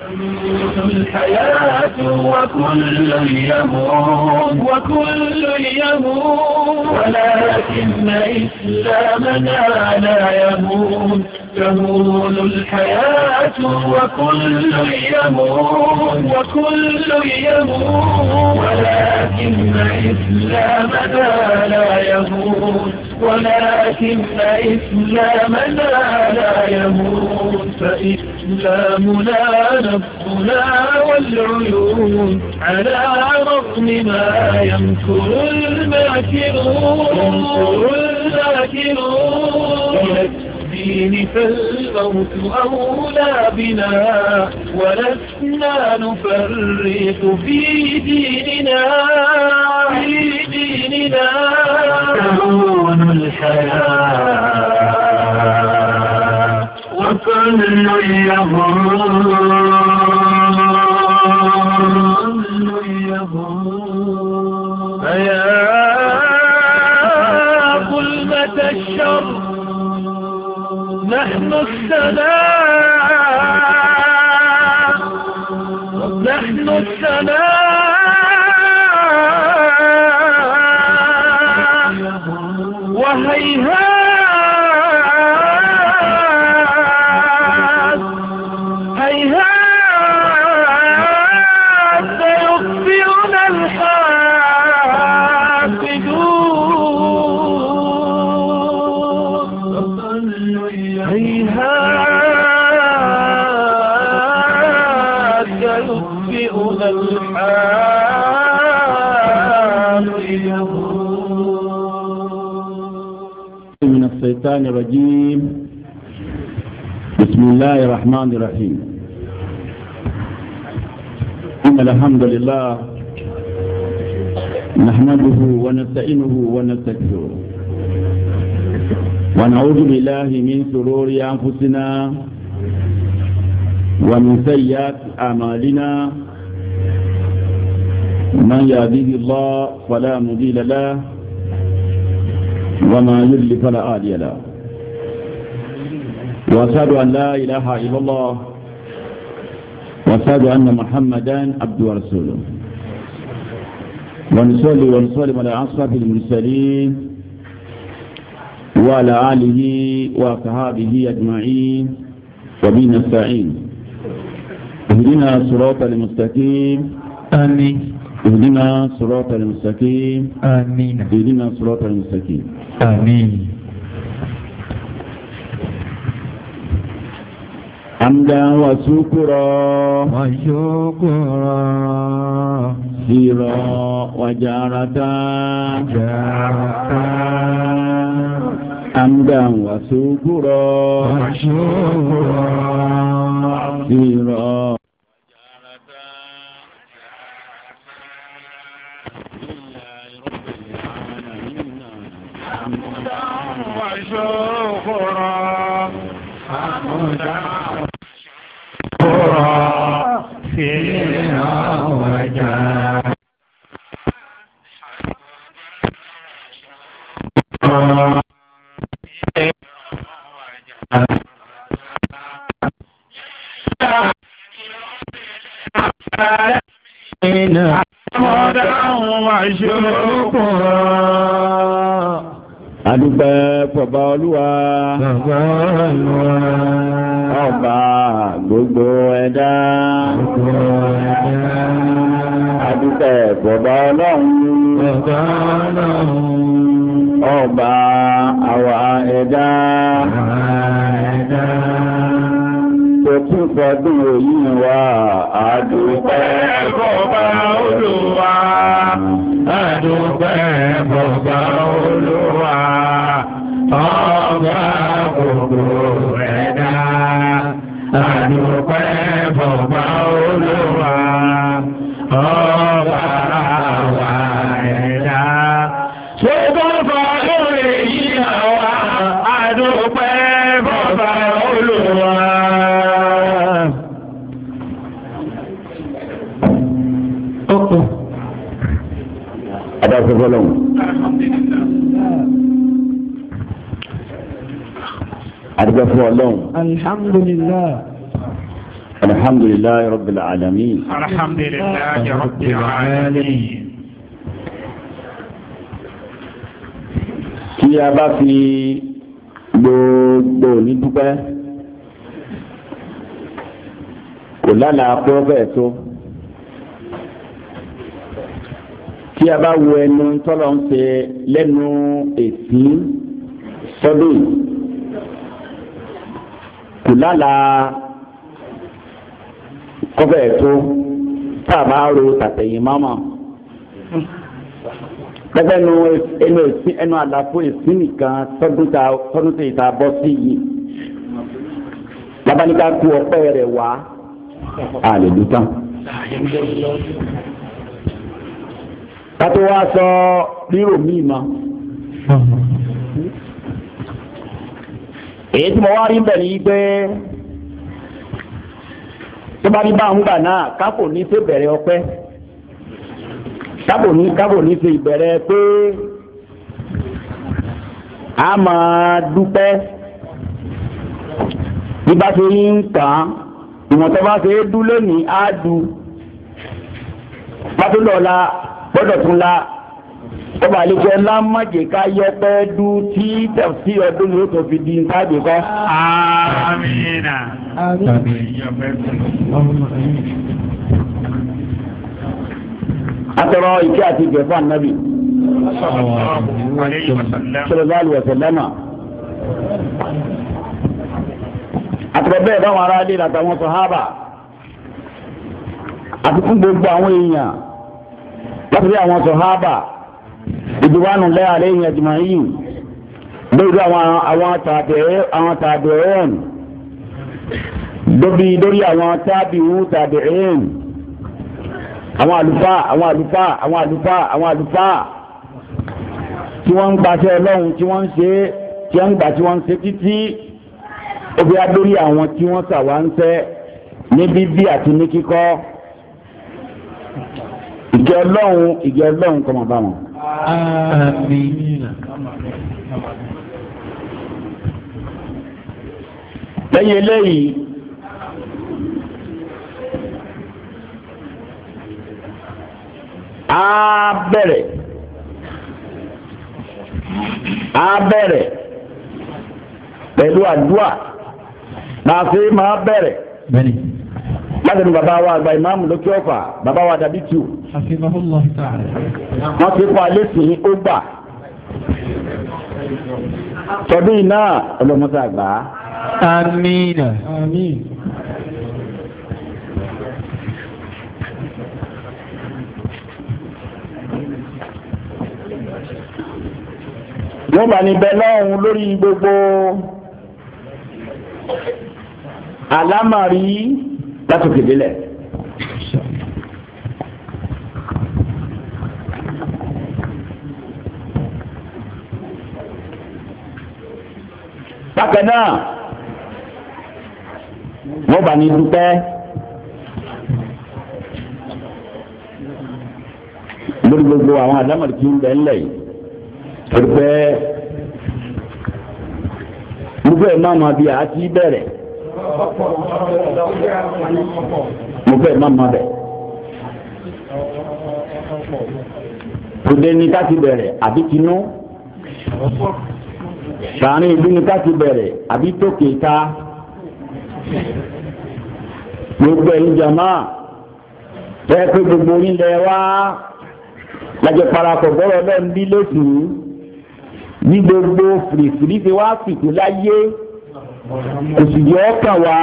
تموت الحياة وكل يموت وكل يموت ولكن إسلامنا لا يموت تمول الحياة وكل يموت وكل يموت ولكن إسلامنا لا يموت ولكن إسلامنا لا يموت فإن الأفلام لا والعيون على رغم ما يمكر الماكرون يمكر الماكرون الدين فالموت أولى بنا ولسنا نفرق في ديننا في ديننا تكون الحياة فضل يهون ظلمة الشر نحن السلام نحن السلام وهيهات هيهات يطفئنا الحال من الشيطان الرجيم بسم الله الرحمن الرحيم إن الحمد لله نحمده ونستعينه ونستغفره ونعوذ بالله من شرور أنفسنا ومن سيئات أعمالنا من يهديه الله فلا مضل له وما يضل فلا هادي له وأشهد أن لا إله إلا الله وأشهد أن محمدا عبده ورسوله ونصلي ونصلي على أشرف المرسلين وعلى آله وصحابه أجمعين وبين السعين اهدنا صراط المستقيم آمين اهدنا صراط المستقيم آمين اهدنا صراط المستقيم آمين حمدا وشكرا وشكرا سيرا وجارة جارة حمدا وسكرا وشكرا سيرا حمدا وشكرا حمدا لله رب العالمين tí a bá fi gbogbo ní dúpẹ́ kò lánàá pọ́ bẹ́ẹ̀ tó tí a bá wo ẹnu tọ́lọ̀ ń ṣe lẹ́nu èsì sọ́dún kò lánàá kọ́ bẹ́ẹ̀ tó tàbá ro tàtẹ̀yìn mọ́mọ́ gẹ́gẹ́ nu ẹnu èsì ẹnu àlàfo èsì nìkan tọdún tó ìta bọ́ sí yìí labaníkà kú ọpẹ́ rẹ̀ wá àlèlú tán. kátó wá sọ rírò míì mọ́ èyí tí mo wá rí bẹ̀ ni pé tó bá ní bá ń gbà náà kápò ní ṣe bẹ̀rẹ̀ ọpẹ́ kápò ní kápò ní ṣe ìbẹ̀rẹ̀ pé a máa dúpẹ́ bí bá ṣe ń kàn án bá ṣe é dú lónìí á du bá tó lọ́la gbọ́dọ̀ tún la ọba àlejò ńlá májè ká yẹ pé dú tí tẹ̀sí ọdún yóò tó fi di ntáàbì kọ́. amiina. atọrọ ike àti ìgbẹ́fọ́ ànábì. sọlọ́dọ̀ àlùwẹ̀sẹ̀lẹ́mà. àtọ̀rọ̀ bẹ́ẹ̀ báwọn aráalé àtàwọn sọ̀hábà àti fún gbogbo àwọn èèyàn láti rí àwọn sọ̀hábà ìdúwánu lẹ́ àlẹ́ yẹn jùmọ̀ yìí lórí àwọn àwọn tàbẹ̀ àwọn tàbẹ̀ ẹ̀ẹ́n lórí lórí àwọn tábìwù tàbẹ̀ ẹ̀ẹ́n àwọn àlùfáà àwọn àlùfáà àwọn àlùfáà àwọn àlùfáà tí wọ́n ń gbàṣẹ ọlọ́run tí wọ́n ń ṣe tí wọ́n ń gbà tí wọ́n ń ṣe títí obì adórí àwọn tí wọ́n sà wá ń sẹ́ ní bíbí àti ní kíkọ́ ìgẹ̀ ọlọ́run ìgẹ̀ ọlọ́run kọ́mọ̀ bá wọn àmín. lẹ́yìn eléyìí á bẹ̀rẹ̀ á bẹ̀rẹ̀ pẹ̀lú àdúrà la fi máa bẹ̀rẹ̀ lásìkò bàbá wa àgbà ìmáàmù lókè ọ̀fà bàbá wa dàbí tù. wọ́n ti kọ́ alẹ́ sí ó gbà. tọ́dún yìí náà ọlọ́mọdé àgbà. amiina. wọ́n bá ní bẹ́ẹ̀ lọ́hùn lórí gbogbo àlámàrí látòkè délẹ̀. bákan náà wọ́n bá ní dúpẹ́ lórí gbogbo àwọn àdámọ̀lì tí ń bẹ ńlẹ̀ yìí torí pé irúfẹ́ máa ma bí a ti bẹ̀rẹ̀ mo fẹ́ má ma bẹ̀. òde ni ká ti bẹ̀rẹ̀ àbí tinú sàárín ìlú ni ká ti bẹ̀rẹ̀ àbí tókè ká gbogbo ẹ̀yin jàmá ẹ pé gbogbo orílẹ̀ wa lájọ parapọ̀ bọ́rọ̀ lẹ́nu bí lóṣù ní gbogbo fìrìfìrì ti wá fìtú láyé. òsìyẹ ọkàn wá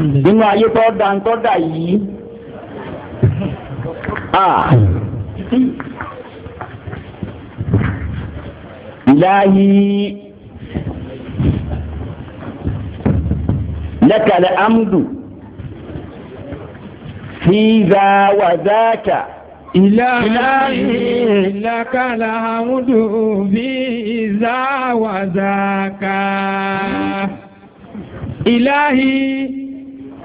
nínú ayé tó dá tó yìí ìláyé lẹ́kàlẹ̀ amdu fi za إلهي لك الحمد بإذا وذاك إلهي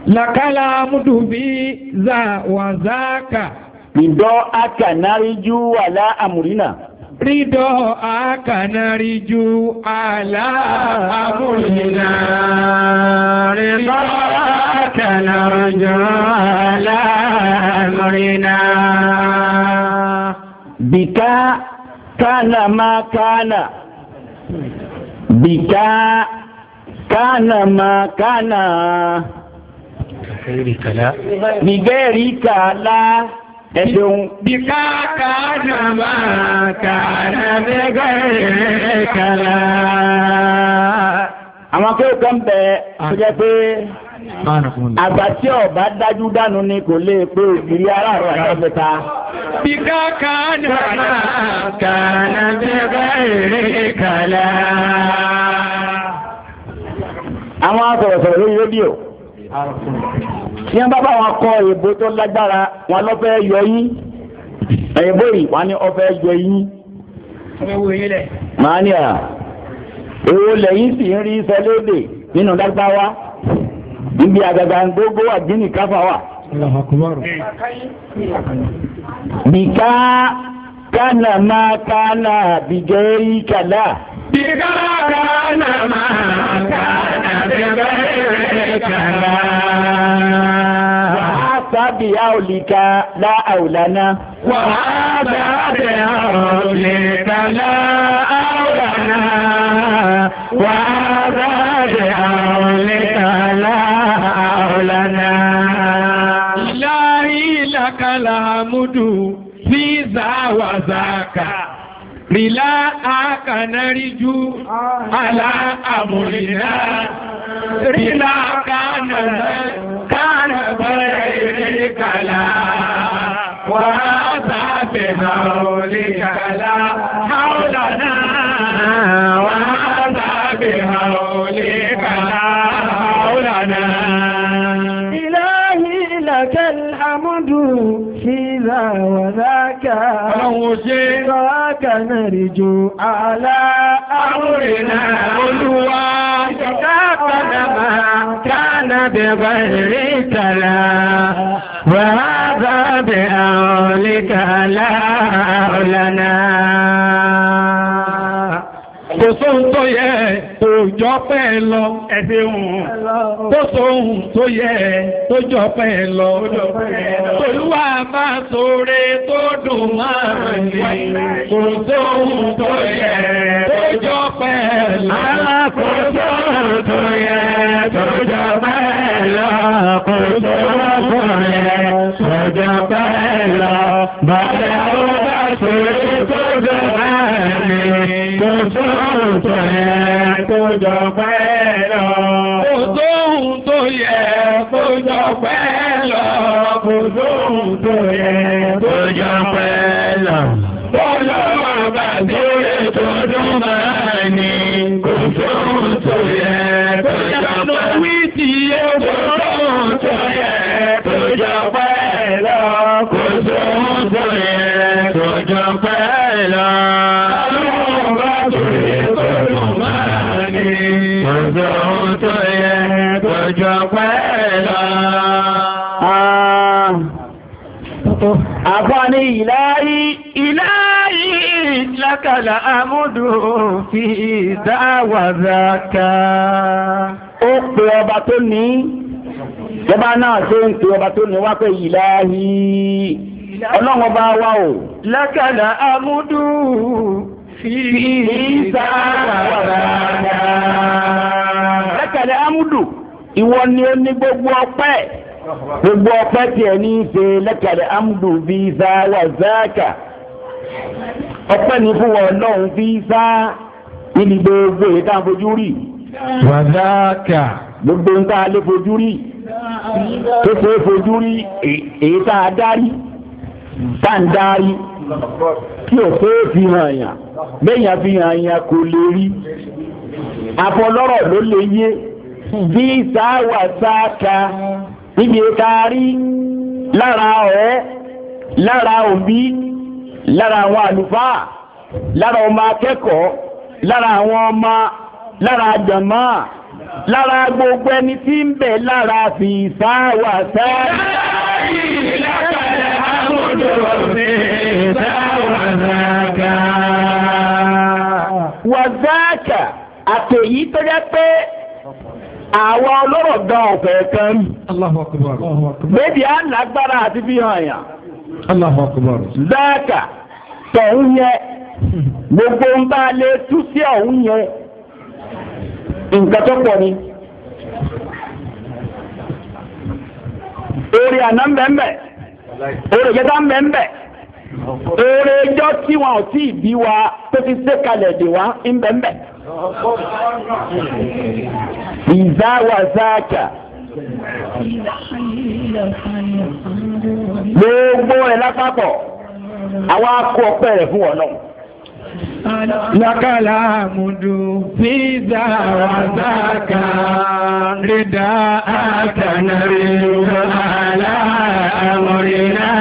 لك الحمد بإذا وذاك بدعاء نرجو ولا أمرنا rídọ̀ àkànáríjú aláàmúlìnà rídọ̀ àkànáríjú aláàmúlìnà. Bìká kánà máa kánà. Bìká kánà máa kana, Bìgẹ́rì kàlá. Bìgẹ́rì kàlá ẹ̀dùn. Bíká kàánà máa kàánà mẹ́gbẹ̀rẹ̀ kàlá. Àwọn akẹ́kọ̀ọ́ kan bẹ̀ tó jẹ́ pé àgbà tí ọba dájú dànù ni kò lè pé ògiri aráàlú àtọ́fẹ́ta. Bíká kàánà máa kàánà mẹ́gbẹ̀rẹ̀ kàlá. Àwọn akọ̀rọ̀sọ̀rọ̀ lórí rédíò ní wọn bá bá wọn kọ èèbó tó lágbára wọn lọ fẹ́ yọ yín èèbó yìí wọn ni ọfẹ yọ yín. màá ní à èwo lẹ́yìn sì ń rí sọlédè nínú lágbáwá níbi àgàgà gbogbo wà gíní káfà wà. bìkà kánà máa kánà bìjẹ́ rí kàlá. bìkà kánà máa kánà bìjẹ́ rí kàlá àtàbí àòlìkà láàòlànà. wà á bẹ̀rẹ̀ àòlìkà láàòlànà. wà á bẹ̀rẹ̀ àòlìkà láàòlànà. ìlàrí ìlàkàlà àmúdù fi zàwàzàkà. Rìlá àkànáríjú àlá àmùrìnà. Rìlá àkànáríjú. حولك لا حولنا وهذا بحولك لا حولنا إلهي لك الحمد في ذا وذاك ذاك نرجو على أمرنا علوا كافنا ما كان بغير سلام وهذا بقولك لا لنا kò sóhun tó yẹ tó jọ pẹ́ lọ ẹ̀sìn òun kò sóhun tó yẹ tó jọ pẹ́ lọ tolúwa bá sóore tó dùn máa rìn kò sóhun tó yẹ tó jọ pẹ́ lọ kò tó yẹ tó jọ pẹ́ lọ kò sọ́wọ́ kúnlẹ̀ ọjọ́ pẹ́ lọ. Bàbá ó bá sórí kójọ báyìí kò sóhun tó yẹ kójọ pẹ́ lọ. Kò sóhun tó yẹ kójọ pẹ́ lọ. Kò sóhun tó yẹ kójọ pẹ́ lọ. Bọ́lá wà. Òjò tó yẹ kòjò pẹ́ lọ. Àfọ́ni ìláyí, ìláyí lákàlà àmúdù fi dáwàzáka. Ó pè ọba tó ní, ọba náà ṣe ń pè ọba tó ní wá pé ìláyí. Ọlọ́run ọba wá o. Lákàlà àmúdù fi sáàkàtà. Lẹ́kẹ̀lẹ́ Amúdù, ìwọ ni ó ní gbogbo ọpẹ́. Gbogbo ọpẹ́ tiẹ̀ ní í ṣe lẹ́kẹ̀lẹ́ Amúdù fi sáàkàtà. Ọpẹ́ ni fún wọn lọ́hùn fi sá níbi gbogbo èyí tá à ń fojú rí. Wàdáàkà. Gbogbo ń tá a lè fojú rí. Tó ṣe é fojú rí èyí tá a dárí. Tá à ń dárí tí ò pé fi hàn yàn bẹ́yàn fi hàn yàn kò lè rí àfọlọ́rọ̀ ló lè yé bí sáwà sáka níbi kárí lára ọ̀rẹ́ lára òbí lára àwọn àlùfáà lára ọmọ akẹ́kọ̀ọ́ lára àwọn ọmọ lára àjàmá lára gbogbo ẹni tí ń bẹ lára fi sáwà sáka. lára yìí lákàlẹ̀ àmójúwọ̀n mi sáwà wàzáàkà àtẹ̀yí tó jẹ́ pé àwọn ọlọ́rọ̀ gan ọ̀fẹ́ kan méjì á lágbára àti fi hàn yàn. záàkà tọ̀hún yẹn gbogbo ń bá lè tú sí ọ̀hún yẹn nǹkan tó pọ̀ ni. orí àná ń orí ìjẹta ń eré ẹjọ́ tí wọn ò tí ì bí wa tó fi ṣe kalẹ̀ dè wá ń bẹ̀ ń ìzá wa záàkà gbogbo ẹ̀ lápapọ̀ àwa kó ọpẹ́ rẹ̀ fún wọn Lakala amudu fiza wazaka rida atanari ala amurina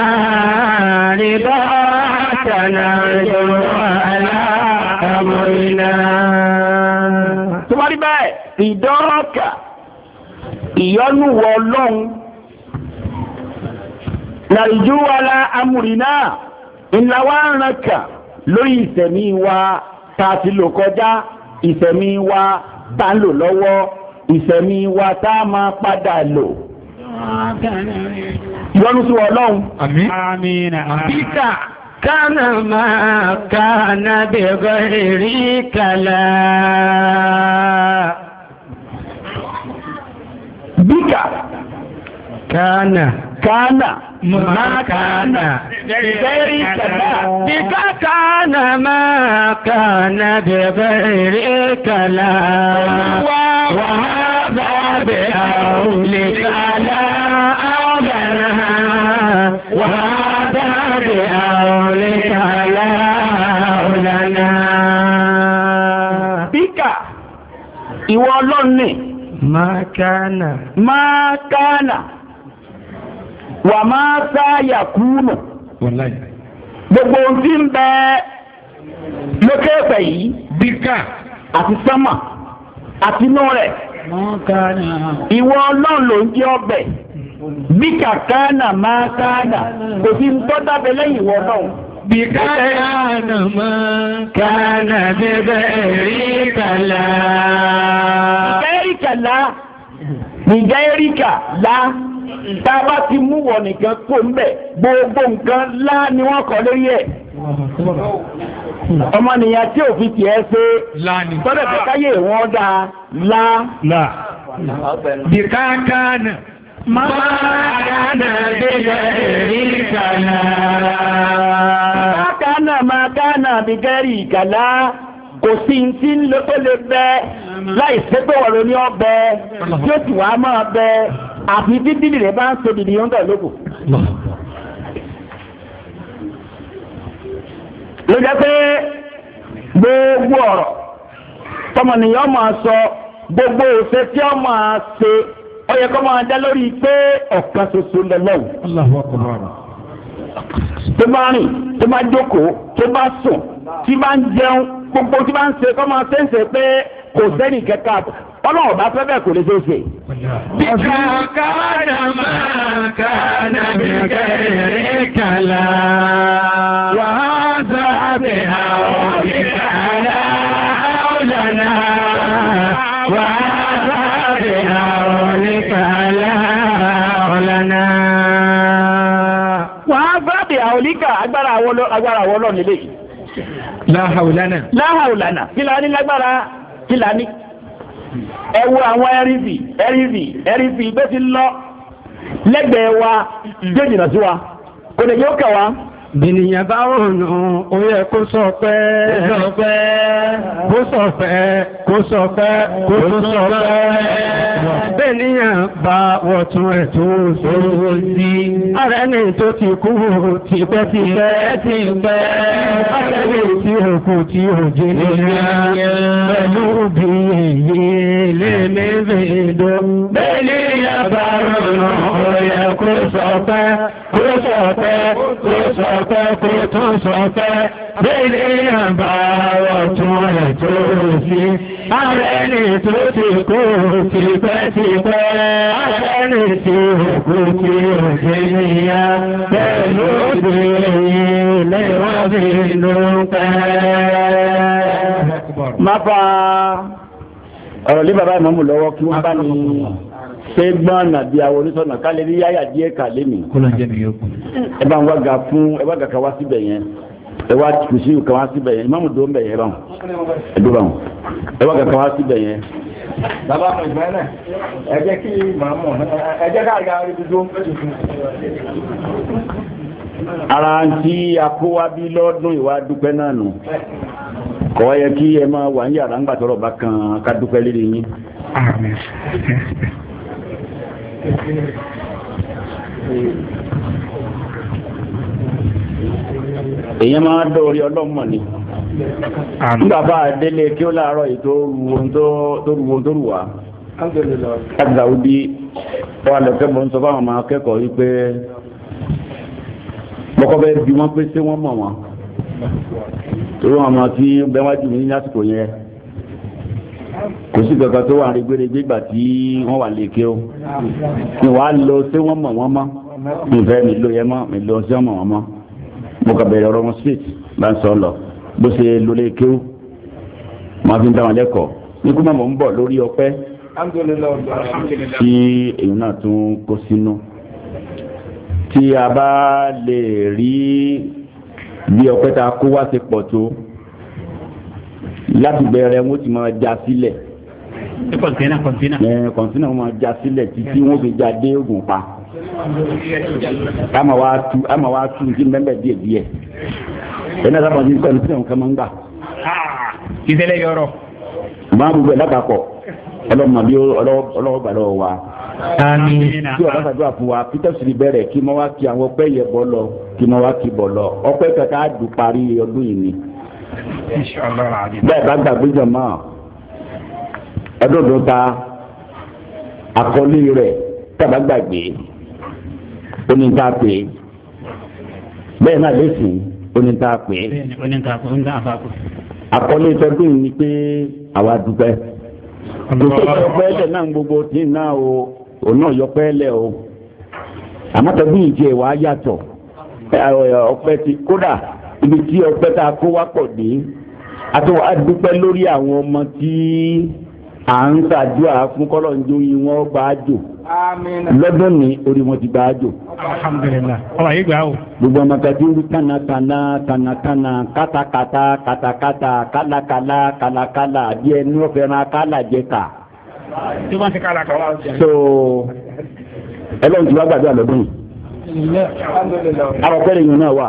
tó bá rí bẹ́ẹ̀ ìdánrọ́kà ìyọ́nú wọ ọlọ́run nàìjú wa la amúrinà ńlá wa ń rànkà lórí ìsẹ̀mí wa tá a ti lò kọjá ìsẹ̀mí wa tá ń lò lọ́wọ́ ìsẹ̀mí wa tá a padà lò ìyọ́nú sí wọ ọlọ́run. àmín. àmín. àmín. كان ما كان بغيرك لا بك كان كان ما كان بغيرك لا بك كان ما كان بغيرك لا وهذا بأولك لا أغنى ìwọ ọlọ́run ni. máa kánà. máa kánà. wà máa sáyà kúrò. gbogbo ohun tí ń bẹ lókè ẹ̀fẹ̀ yìí. bíkà. àti sánmà àti inú rẹ̀. máa kánà. ìwọ ọlọ́run ló ń jẹ́ ọbẹ̀. bíkà kánà máa kò sí ń tọ́ dábẹ́ lẹ́yìn ìwọ ọlọ́run. بكان من كان بغيرك لا بغيرك لا بغيرك لا tá a bá ti mú wọ nìkan kó ń bẹ gbogbo nǹkan lá ni wọ́n kọ lórí ẹ̀ ọmọnìyàn tí òfin tiẹ̀ ṣe tọ́lẹ̀ fẹ́ káyé wọn dáa lá. bìkákánà. ما كان بغير كلام ما كان ما كان بغير كلام kò sí ti ń lo tó lè bẹ láì sẹ́gbẹ́ ọ̀rọ̀ ní ọbẹ̀ tí ó sì wàá máa bẹ àfi bíbélì rẹ̀ bá ń so dìdì yóò ń bẹ̀ lóko. ló jẹ́ pé gbogbo ọ̀rọ̀ tọmọnìyàn máa sọ gbogbo òṣè máa ṣe ó yẹ kó máa dá lórí pé ọ̀kan ṣoṣo lọ́lọ́wọ́. Allahu akbar. tó bá rìn tó bá jókòó tó bá sùn tí bá ń jẹun gbogbo tí bá ń ṣe kó máa ṣẹ́ǹṣẹ̀ pé kò sẹ́ni kẹ́kẹ́ ọlọ́run bá fẹ́ bẹ́ẹ̀ kò lè ṣe é ṣe. bíkà kánà máa kánà bí kẹrẹ kàlà wàá sábẹ̀ àwọn ìkàlà ọ̀lànà wàá. àwòlíkà agbára àwọn ọlọ́run lè léyìí. láhàùlánà. láhàùlánà kí ní lágbára kí ní. àwọn ẹrìbì ẹrìbì ẹrìbì bẹ́ẹ̀ ti lọ lẹ́gbẹ̀ẹ́ wa jẹ́ jìnnà sí wa kò lè bìnìyàn bá rònú ó yẹ kó sọ pé kó sọ pé kó sọ pé kó sọ pé kó sọ pé bìnìyàn bá wọ̀tún ẹ̀ tó sòwò sí. ara ẹni tó ti kú tipẹ́ ti tipẹ́ ara ẹni tí o ti tí o jẹ nìyẹn pẹ̀lú bí èyí lè mẹ́fẹ̀ẹ́dọ́. bìnìyàn bá rònú ó yẹ kó sọ pé kó sọpẹ́ kó sọpẹ́ àbá ọ̀tún rẹ̀ tó sí. Ààrẹ ni tó ti kú tipẹ́tipẹ́. Ààrẹ ni tí òkú tí òjì níyà. Pẹ̀lú ìgbéyìn lẹ́wọ̀n ló ń pẹ́. Má ọ̀rọ̀ lé bàbá ìmọ̀mù lọ́wọ́ kí wọ́n bá ní. ṣé gbọ́n nàbí àwọn onísọ̀nà ká ya yáyà díẹ̀ kà lémi. ẹ bá ń wá ga fún ẹ bá gàkà wá síbẹ̀ yẹn ẹ wá kùsì kà wá síbẹ̀ yẹn ìmáàmù dòun bẹ̀ yẹn báwọn ẹ dó báwọn ẹ wá gàkà wá síbẹ̀ yẹn. bàbá mi ìgbà ẹ kí ẹ ká àga rí dúdú. ara ń tí akówábí lọ́dún ìwà dúpẹ́ náà nù kọ́ yẹ kí ẹ máa wà ń yàrá ńgbà tọrọ bá kan ká dúpẹ́ lé èyàn máa dóorí ọlọ́mọ ni nígbàbá délé kí ó láàárọ̀ yìí tó ru ohun tó rù wá Saudi wà lọ́kẹ́ mọ́ ń sọ fáwọn ọmọ akẹ́kọ̀ọ́ yìí pé kọ́kọ́ bẹ́ẹ̀ bí wọ́n pé ṣé wọ́n mọ̀ wọ́n torí wọn máa fi bẹ́wájú mi ní lásìkò yẹn kò sí kankan tó wà rígbérégbé gbà tí wọ́n wà lè ké o mi wàá lọ sí wọ́n mọ̀ wọ́n mọ́ mi fẹ́ mi lo yẹn mọ́ mi lọ sí wọ́n mọ̀ wọ́n mọ́ mo kà bẹ̀rẹ̀ ọ̀rọ̀ wọn straight bá ń sọ lọ bó ṣe lo lè ké o máa fi ń dá wọn lẹ́kọ̀ọ́ ní mọ̀ ń bọ̀ lórí ọpẹ́ tí èyí náà tún kó sínú tí a bá lè rí bí ọpẹ́ ta kó wá ti pọ̀ tó láti bẹ̀rẹ̀ wọn ti máa já sílẹ̀. ẹ kọ̀ǹtínà kọ̀ǹtínà. ẹ kọ̀ǹtínà wọn máa já sílẹ̀ títí wọn fi já dé ogun pa. ama wa tu ama wa tu nti mbẹ́mbẹ́ díẹ̀ díẹ̀. ẹnna sábà ní kọ̀ǹtínà wọn kà máa ń gbà. Ah, ìṣẹ̀lẹ̀ yọrọ. máa bú bẹ́ẹ̀ lápapọ̀ ọlọ́mọ bí ọlọ́wọ́ gbà lọ́wọ́ wa. àmín. tí wàá sàdúrà fún wa peter siri bẹ̀rẹ̀ kí mo wá kí àwọn ọpẹ́ yẹ bọ́ lọ kí mo wá kí bọ̀ lọ ọpẹ́ kẹta á dùn parí ọdún yìí ni. bẹ́ẹ̀ bá gbàgbé jọ̀mọ́ ọdún tó ta àkọlé rẹ̀ tàbá gbàgbé pé bẹ́ẹ̀ náà lẹ́sìn pé àkọlé pé àwa dúpẹ́ náà gbogbo tí o òun náà yọ o àmọ́ ìjẹ́ wàá yàtọ̀ ọpẹ́ ti ibi tí ọpẹ́ tá a kó wá pọ̀ dé àti wàá dúpẹ́ lórí àwọn ọmọ tí à ń ṣàdúrà fún kọ́lọ́njó yìí wọ́n gbà á jò lọ́dún ní orí wọn ti gbà á jò. o. gbogbo ọmọ kẹtí ń kànákànná kànákànná kátàkátà kátàkátà kálákálá kálákálá bí ẹni wọ́n fẹ́ràn kálá jẹ ká. tí wọ́n ti kálá kan. so ẹlọ́run ti wá gbàdúrà lọ́dún yìí. àwọn fẹ́rẹ̀ yìí náà wà.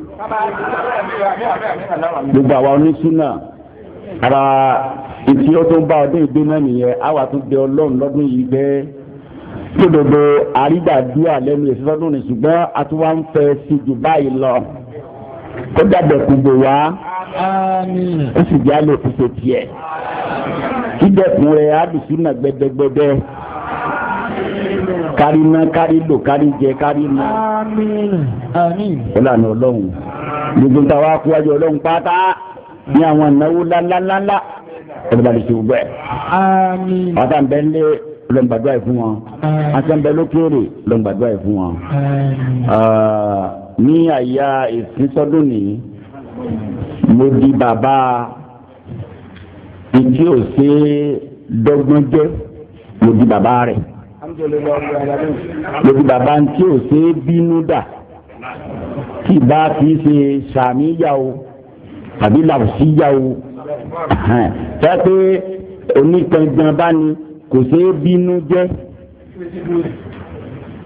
gbogbo àwa onísúnà ara ìtì ó bá ọdún ìgbé náà nìyẹn àwa tún bẹ ọlọ́run lọ́dún yìí bẹ́ẹ́ tó dodo lẹ́nu ìfẹ́sọ́dún ní ṣùgbọ́n a tún wá ń fẹ́ sí jù báyìí lọ kó dàbẹ̀ kù bò wá ó sì jẹ́ àlòkù ṣe tiẹ̀ kí dẹ̀kun rẹ̀ á dùn gbẹdẹgbẹdẹ kárí ná kárí lò kárí jẹ kárí ná. ó lànà ọlọ́run gbogbo nta wa kú wájú ọlọ́run pátá ní àwọn ìnáwó ńláńláńlá ọlọ́balẹ̀ ti gbẹ. pátá ń bẹ ń lé lọ́ngbàdúrà yìí fún wọn asẹ́nbẹ́ lókèrè lọ́ngbàdúrà yìí fún wọn. ní àyà ìsinsọ́dún nìyí mo di bàbá ìtí ò dọ́gbọ́n jẹ́ mo di bàbá rẹ̀ lóbi bàbá ń tí ò ṣe é bínú dà tí bá fi ṣe sàmíyà o tàbí làwùsíyà o fẹ́ pé oníkanjan bá ní kò ṣe é bínú jẹ́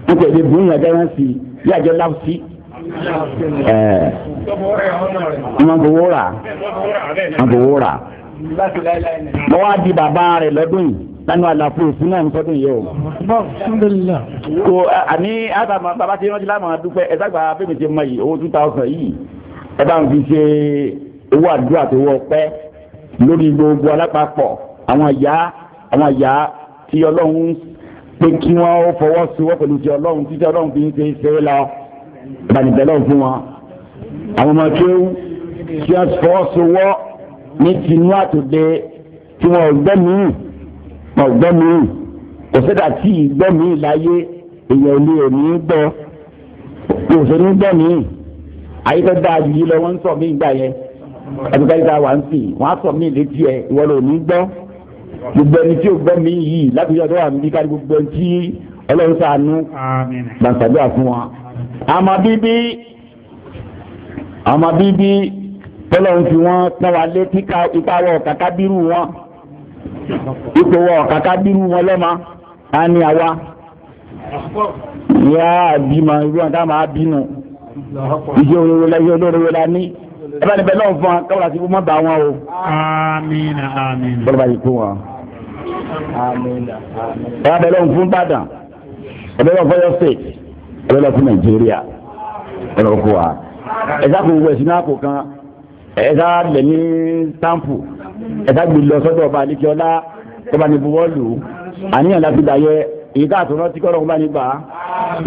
n kò lè bú ìyàjẹ́ wọn sí yàjẹ́ láwùsí ẹ̀ wọn wá di bàbá rẹ̀ lọ́dún yìí lánàá àlàfo òsín náà ń tọ́dún yẹ o. kò àní àtàmọ́ bàbá tí rántí lámà dúpẹ́ ẹ̀sàgbà bẹ́ẹ̀ ti mọ yìí owó two thousand yìí ẹ bá ń fi ṣe owó àdúrà tó wọ pẹ́ lórí gbogbo alápapọ̀ àwọn ìyá àwọn ìyá tí ọlọ́run pé kí wọ́n ó fọwọ́ sowọ́ pẹ̀lú ti ọlọ́run títí ọlọ́run fi ń ṣe ṣe é lọ ìbànújẹ́ lọ́run fún wọn. àwọn ọmọ kéwú tí wọ́n fọwọ́ sowọ́ ní tinú àtòdè tí wọ́n gbẹ́mìíràn wọn gbọ́ mi kò sẹ́dá tí ì gbọ́ mi láyé èèyàn ilé òní gbọ́ kò sẹ́ni gbọ́ mi ayé tó dáa yìí lọ wọ́n ń sọ mí gbà yẹn ẹ̀dùn káyọ̀ tá a wà ń sìn wọ́n á sọ mí létí ẹ̀ ìwọ ló ní gbọ́ gbogbo ẹni tí o gbọ́ mi yìí láti ọjọ́ àmì bí kárí gbogbo ẹni tí ọlọ́run sànú gbàǹsàdúrà fún wa. àmọ́ bíbí àmọ́ bíbí tọ́lọ́run fi wọ́n tán wa létí ipa wọ̀ kàkà bírù wọn ipò wọ kàkà bírú wọn lọ́mọ á ní àwa ìyá àbímọ irú wọn táwọn máa bínú ìjẹ olóró la ìjẹ olóró la ní ẹ bá ní bẹ́ẹ̀ lọ́wọ́ fún wa káwọn àti fúnmọ́ bá wọn o. amiina amiina. bọ́lá bá yìí kó wọn. amiina amiina. ẹ bá bẹ́ẹ̀ lọ́wọ́ fún Ìbàdàn ẹ bẹ́ẹ̀ lọ́wọ́ fún Ọ̀yọ́ state ẹ bẹ́ẹ̀ lọ́wọ́ fún Nàìjíríà ẹ lọ́wọ́ fún wa. ẹ sá kò wẹ̀ sínú àpò kan ẹ sá lẹ̀ ní sáǹpù ẹ̀ka gbé lọ sọ́dọ̀ ọba àlejò ọlá ọba ní buwọ́lù àníyàn láti dàyẹ èyí ká àtúntò tí kọ́lọ́ ọba nígbà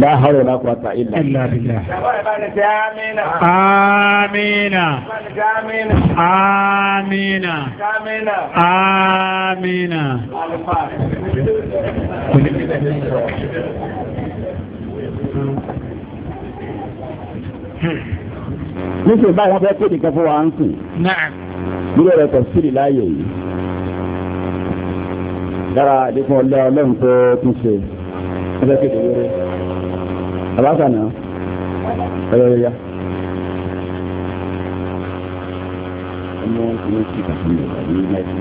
bá hàrẹ̀ bá kọ́ àtà ìlà. amina amina amina amina. Hmm níṣẹ́ báyìí wọ́n fẹ́ pé nìkan fún wa ń sìn. lórí ọ̀rọ̀ ẹ̀kọ́ sílì láàyè yìí. dára àdékùn ọlẹ́ ọlọ́run tó tún ṣe ẹ fẹ́ kéde lórí. àbáṣànà ẹ lọ yá. ọmọ ọmọ ti kàtó lè wà ní náírà.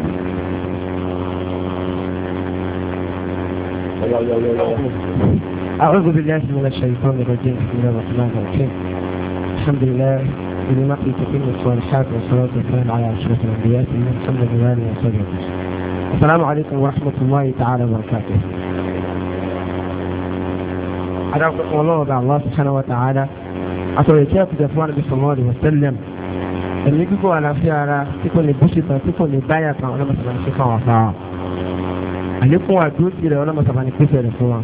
أعوذ بالله من الشيطان الرجيم بسم الله الرحمن الرحيم الحمد لله لما في تكين الصالحات والصلاة والسلام على عشرة الأنبياء من سنة جلال وصلى السلام عليكم ورحمة الله تعالى وبركاته حدثكم الله وبع الله سبحانه وتعالى أصلي كيف جفوان النبي صلى الله عليه وسلم اللي يقولوا على خيارة تكون لبشطة تكون لبايا كان علماء سبحانه شفا وفا اللي يقولوا على جوز كده علماء سبحانه كيف يرسوان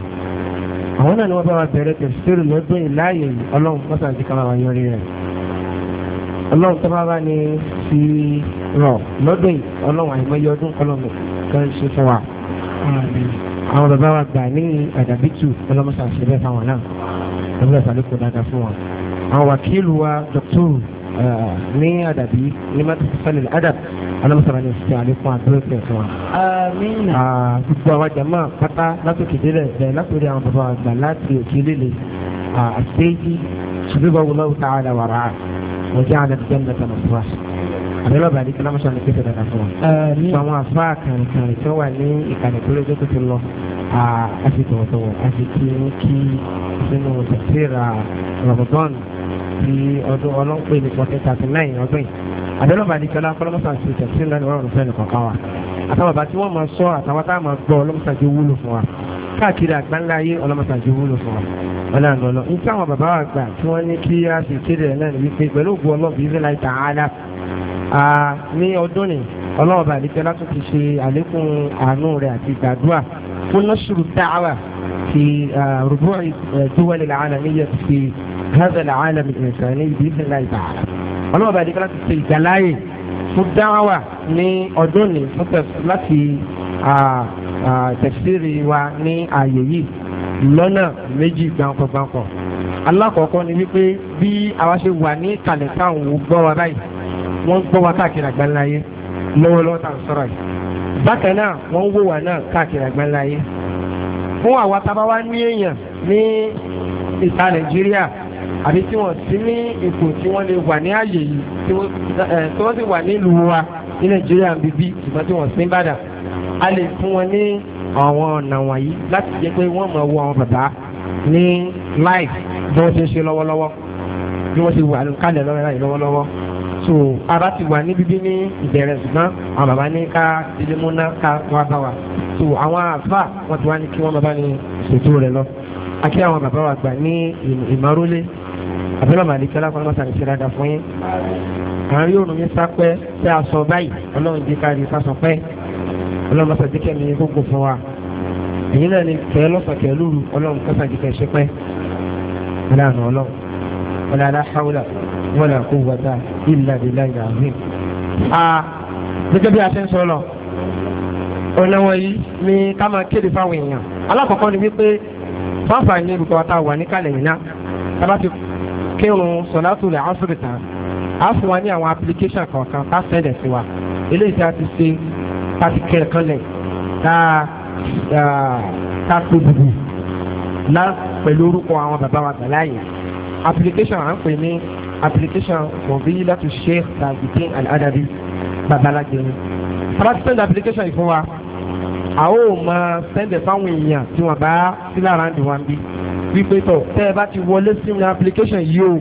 أولا نوبة وبرك السر لدي لا يلي اللهم مثلا تكلم عن يوري ọlọ́run tó bá bá ní fi rọ̀ lọ́dọ̀ yìí ọlọ́run àìmọye ọdún kọlọ́mù kan ṣe fún wa. àwọn bàbá wa gbà ní àdàbìtù ọlọ́mọṣà ṣe bẹ́ẹ̀ fáwọn náà ọlọ́run ìsàlẹ̀kùn dáadáa fún wa. àwọn wàkíìlù wa dọ́kítọ́rù ní àdàbí ní mẹ́tẹ́sífẹ́lẹ̀ àdàb ọlọ́mọṣà ní ṣe àlékún àdúrótì fún wa. gbogbo àwọn jàmá pátá látòkè délẹ̀ bẹ́ẹ̀ látòrí àwọn bàbá wa gbà láti òkè lélẹ̀ àti ṣùgbọ́n wọlé وجعل الجنة مثواه àbẹ̀lẹ̀ ọba àdìsí lámúṣọ ní pẹ̀sẹ̀ dandan fún wa. ní àwọn afa kàrìkàrì tó wà ní ìkànnì tó lójú tó ti lọ a ti tọ̀wọ̀tọ̀wọ̀ a ti kí ní kí sínú tẹ̀síra Ramadan ti ọdún ọlọ́pẹ̀ ní fourteen thirty nine ọdún yìí. àbẹ̀lẹ̀ ọba àdìsí ọlọ́pàá lọ́mọ́sá ti tẹ̀síra ní wọ́n rọ̀ fẹ́ẹ́ nìkan kan wa. àtàwọn bàbá tí wọ́n máa sọ àtàwọn táwọn máa gbọ́ ọlọ́mọ́sá ti wúlò fún wa káàkiri àgbáńlá ayé ọlọ́mọsàájú wúlò fún wa ọlọ́run lọ́lọ́ ní táwọn bàbá wa gbà tí wọ́n ní kí a sì kéde ẹ̀ náà ní wípé pẹ̀lú ògbó ọlọ́ọ̀bù ìfẹ́ láì tà á dá ní ọdún ni ọlọ́run bá àdìgbẹ́ látún ṣe àlékún àánú rẹ̀ àti ìgbàdúrà fún nọ́ṣùrù dáhàwà ti rúbọ̀ ìdúwọ̀lẹ̀ làánà níyẹ̀ ti هذا العالم الإنساني بإذن الله تعالى ọlọ́run bá àdìgbẹ́ látún ṣe ìgbàláyè fún dáhàwà ní ọdún ni láti tẹ̀síìrì wa ní ààyè yìí lọ́nà méjì gbàǹkọ̀gbàǹkọ̀ alákọ̀ọ́kọ́ ni wípé bí àwa ṣe wà ní kàlẹ́ táwọn ò gbọ́ wa báyìí wọ́n gbọ́ wa káàkiri àgbáńláyé lọ́wọ́lọ́wọ́ tá à ń sọ̀rọ̀ yìí bákan náà wọ́n wò wá náà káàkiri àgbáńláyé fún àwa tábà wá ní èèyàn ní ìta nàìjíríà àbí tí wọ́n ti ní ipò tí wọ́n lè wà ní ààyè yìí tí wọ́n ti wà nílùú wa ní nàìjíríà bíbí ṣùgbọ́n tí wọ́n sí bàdàn a lè fún wọn ní àwọn ọ̀nà wọ̀nyí láti jẹ́ pé wọ́n mọ̀ wọ àwọn bàbá ní láì bí wọ́n ti ń ṣe lọ́wọ́lọ́wọ́ bí wọ́n ti wà kálẹ̀ lọ́wọ́lọ́wọ́ so ara ti wà ní bíbí ní ìbẹ̀rẹ̀ ṣùgbọ́n àwọn bàbá ní ká ilé múná ká wá bá wa so àwọn àfa wọn ti wá ní kí wọ́n bàbá ní ṣètò rẹ̀ lọ akí àwọn bàbá wa gbà ní ìmárólé àbẹ́lẹ̀ màlíkẹ́ lápá lọ́sàn àti ìṣẹ̀dá fún yín àwọn yóò nù mí sápẹ́ pé a sọ báyìí ọlọ́run jẹ́ ká rí sásọ pẹ́ ọlọ́run bá sàdíkẹ́ mi gbogbo fún wa èyí náà ni kẹ́ lọ́sàn kẹ́ lóru ọlọ́run kọ́ sàdíkẹ́ ṣe pẹ́ ọlọ́run ọlọ́run ọlọ́run aláhàwùlà wọlé àkóhùwàtà ìlà ìlà ìlà àhìn. a gẹ́gẹ́ bí a ṣe ń sọ lọ ọ̀nà wọ̀nyí ni ká máa kéde fáwọn èèyàn alákọ̀ọ́kọ́ ni wípé fáfà ní ibùkọ̀ wa ta wà níkàlẹ̀ yìí ná tábà ti kírun sọ̀látù rẹ̀ á sọ̀rọ̀ tán á fún wa ní àwọn application kọ̀ọ̀kan ká sẹ́ẹ̀dẹ̀ sí wa eléyìí tí a ti ṣe ká ti kẹ́ ẹ̀kan lẹ̀ ká ká pé dùdù lá pẹ̀lú orúkọ àwọn bàbá wa gbà láàyè application à ń pè ní application Fadilatu Sheikh Tajudeen Al-Adaby babalajẹ ni fara ti send application yìí fún wa a ó máa sẹ́ndẹ̀ fáwọn èèyàn tí wọ́n bá sílẹ̀ àràǹdì wa bí wípé tọ̀ tẹ́ ẹ bá ti wọlé sí ní application yìí o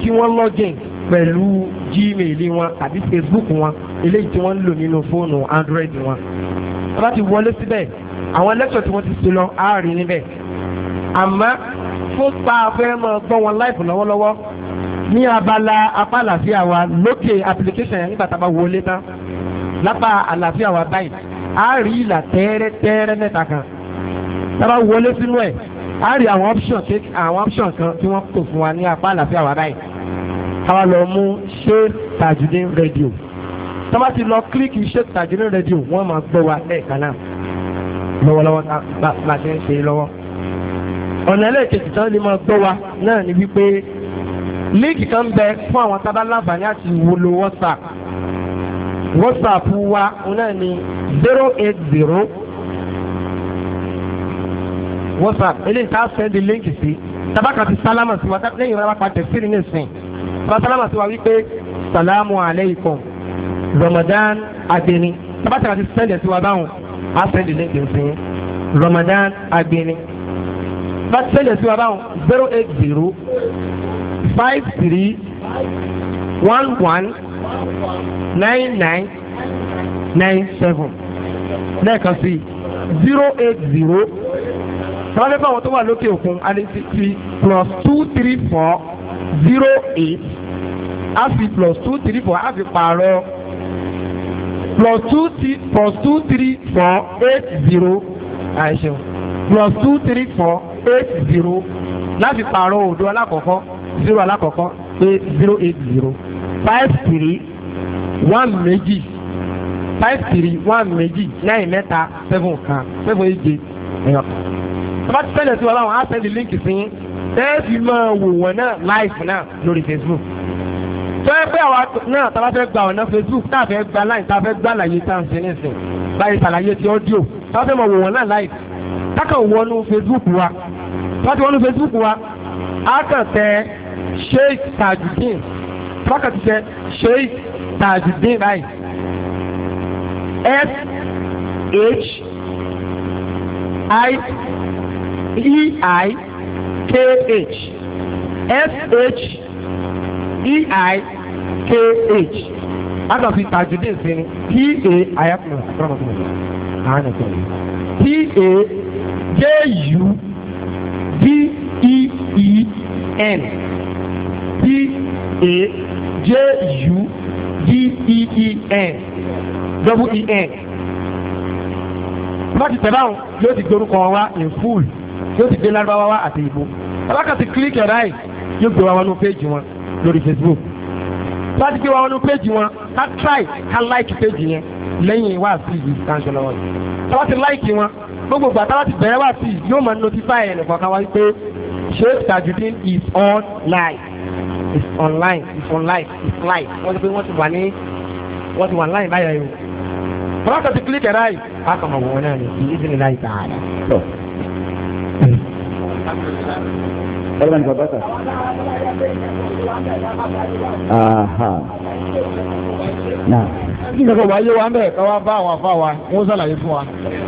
kí wọ́n login pẹ̀lú gmail wọn àbí facebook wọn eléyìí tí wọ́n ń lò nínú fóònù android wọn wọ́n bá ti wọlé síbẹ̀ àwọn lẹ́tọ̀ tí wọ́n ti ṣe lọ á rí níbẹ̀ àmọ́ fún pa afẹ́ mọ́ gbọ́ wọn láìpẹ́ lọ́wọ́lọ́wọ́ ní abala apá àlàáfíà wa lókè application yẹn nígbà tá a bá wọlé tán lápá àlàáfíà wa báyìí á rí ìlà tẹ́ẹ́rẹ́tẹ́ẹ́rẹ́ mẹ́ta kan tá a bá wọlé sínú ẹ̀ á rí àwọn option àwọn option kan tí wọ́n kò fún wa ní apá àlàáfíà wa báyìí káwa lọ mú ṣé tajudeen rédíò tó bá ti lọ kílíkì ṣe tàjírí rẹ́díò wọ́n máa gbọ́ wa lẹ́ẹ̀kan náà lọ́wọ́lọ́wọ́ bá a ṣe ń ṣe lọ́wọ́. ọ̀nà ẹlẹ́ẹ̀kejì tán lè máa gbọ́ wa náà ni wípé líǹkì kan bẹ fún àwọn tábà láǹfààní àti wolo WhatsApp WhatsApp wa náà ni zero eight zero WhatsApp eléyìí tá a sẹ́ndì líǹkì sí tabaka ti sálámà sí wa lẹ́yìn ìrora wa pàtẹ́ sí ní ìsìn tabaka sálámà sí wa wípé salamu alaykum. Ramadan agbeni tabata ti sẹ́ndẹ̀ sí wa báwọn a sẹ́ndẹ̀ ní gbèsè Ramadan agbeni tabata sẹ́ndẹ̀ sí wa báwọn zero eight zero five three one one nine nine nine seven lẹ́ẹ̀kan sí zero eight zero tọ́lá fẹ́ fáwọn tó wà lókè òkun alẹ́sìtì plus two three four zero eight a fi plus two three four a fi pààrọ̀ plus two three plus two three four eight zero àìṣeun plus two three four eight zero láti pààrọ̀ òdo alákọ̀ọ́kọ́ zero alákọ̀ọ́kọ́ eight zero eight zero five three one méjì five three one méjì nine mẹ́ta seven kan seven èje ẹ̀yọ̀ kan. tọ́ba ti tẹ́lẹ̀ sí wa báwọn á sẹ́ndì líǹkì sí yín tẹ́ẹ̀sì máa wò wọ́n náà láìfù náà lórí Facebook tó yẹ pé àwa náà tá a bá fẹ́ gba ọ̀nà Facebook tá a fẹ́ gba láì tá a fẹ́ gba àlàyé tá a ń ṣe nísìn báyìí ṣàlàyé ti ọ́díò tá a fẹ́ mọ̀ wò wọ́n náà láì kákà wọnú Facebook wa tó ti wọnú Facebook wa á kàn tẹ Sheikh Tajudeen tó kàn ti tẹ Sheikh Tajudeen báyìí S H I E I K H S H. D-I-K-H adọ̀fi tajudeen sí ni T-A ayatollah rahmatulahi rahmatulahi T-A-J-U-D-E-E-N T-A-J-U-D-E-E-N W-E-N bá ti tẹ̀ báwọn yóò ti gbórúkọ wa in full yóò ti gbé lárúbáwá wa àti ìbò alákàtí kílíkì ẹ̀ráì yóò gbé wa wọnú péjì wọn lórí Facebook tó a ti gbé wa wọnú péjì wọn ká try ká like péjì yẹn lẹ́yìn wá sí ìlú kanṣọ lọ́wọ́ yìí tó a ti like wọn gbogbo ìgbà tá a ti bẹ̀rẹ̀ wá sí ìlú yóò máa notify ẹ̀ nìkan kan wá pé Sheikh Tajudeen is online is online is online is live wọ́n ti pé wọ́n ti wà ní wọ́n ti wà online báyà yìí o fọlá kan ti kílíkì ẹ̀rá yìí a kàn máa wọ̀ wọn náà ní ìdílé láì tààrà ọlọ́mọ nípa bàtà. kí nǹkan wáyé wa ń bẹ̀ ká wá bá àwọn afá wa wọ́n sàlàyé fún wa.